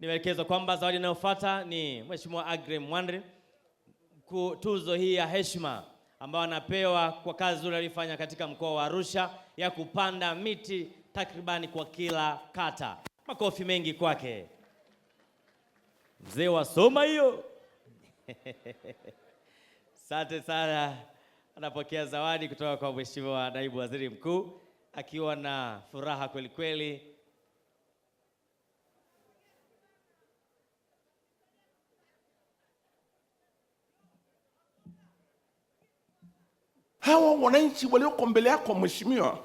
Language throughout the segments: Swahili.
Nimeelekezwa kwamba zawadi inayofuata ni Mheshimiwa Aggrey Mwandri, tuzo hii ya heshima ambayo anapewa kwa kazi nzuri aliyofanya katika mkoa wa Arusha ya kupanda miti takribani kwa kila kata. Makofi mengi kwake. Mzee wa soma hiyo. Asante sana. Anapokea zawadi kutoka kwa Mheshimiwa Naibu Waziri Mkuu akiwa na furaha kweli kweli. hawa wananchi walioko mbele yako mheshimiwa,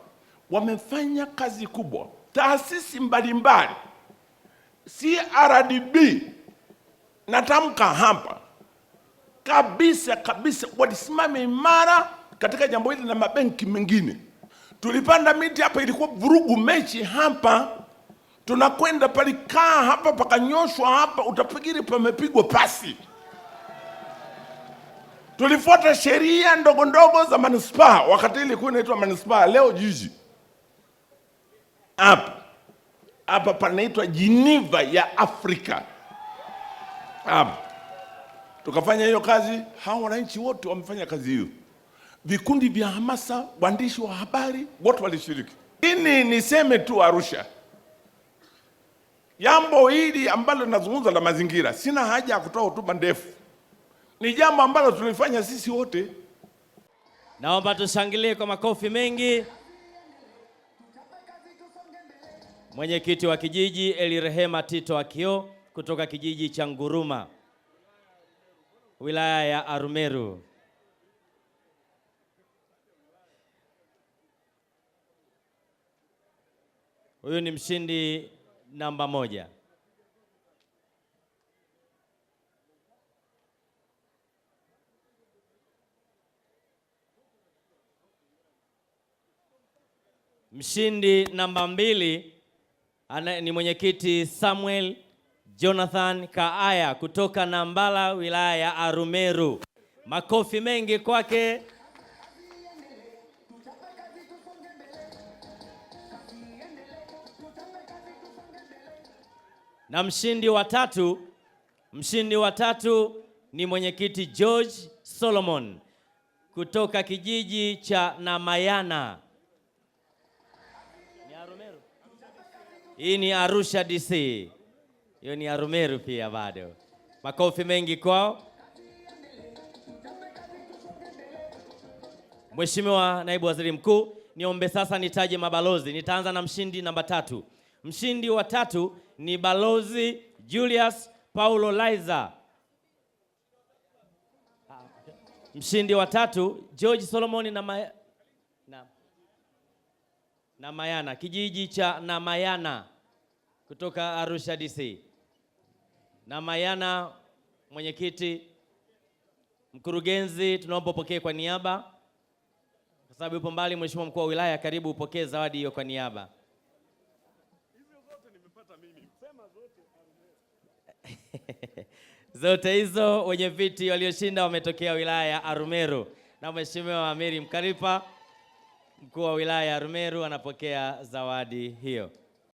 wamefanya kazi kubwa. Taasisi mbalimbali CRDB, natamka hapa kabisa kabisa, walisimama imara katika jambo hili na mabenki mengine. Tulipanda miti hapa, ilikuwa vurugu mechi hapa, tunakwenda palikaa hapa pakanyoshwa hapa, utafikiri pamepigwa pasi. Tulifuata sheria ndogo ndogo za manispaa, wakati ilikuwa inaitwa manispaa, leo jiji. Hapa hapa panaitwa Geneva ya Afrika. Hapa tukafanya hiyo kazi, hawa wananchi wote wamefanya kazi hiyo, vikundi vya hamasa, waandishi wa habari wote walishiriki. Ini niseme tu Arusha, jambo hili ambalo linazungumza la mazingira, sina haja ya kutoa hotuba ndefu ni jambo ambalo tulifanya sisi wote. Naomba tushangilie kwa makofi mengi. Mwenyekiti wa kijiji Elirehema Tito Akio kutoka kijiji cha Nguruma wilaya ya Arumeru. Huyu ni mshindi namba moja. Mshindi namba mbili ni mwenyekiti Samuel Jonathan Kaaya kutoka Nambala, wilaya ya Arumeru. Makofi mengi kwake. Na mshindi wa tatu, mshindi wa tatu ni mwenyekiti George Solomon kutoka kijiji cha Namayana. Hii ni Arusha DC, hiyo ni Arumeru pia bado. Makofi mengi kwao. Mheshimiwa Naibu Waziri Mkuu, niombe sasa nitaje mabalozi. Nitaanza na mshindi namba tatu. Mshindi wa tatu ni Balozi Julius Paulo liza Mshindi wa tatu George Solomon na, ma... na. Namayana, kijiji cha Namayana kutoka Arusha DC. Namayana, mwenyekiti, mkurugenzi, tunaomba upokee kwa niaba, kwa sababu yupo mbali. Mheshimiwa mkuu wa wilaya, karibu upokee zawadi hiyo kwa niaba. Zote hizo wenye viti walioshinda wametokea wilaya ya Arumeru na Mheshimiwa Amiri Mkaripa mkuu wa wilaya ya Rumeru anapokea zawadi hiyo.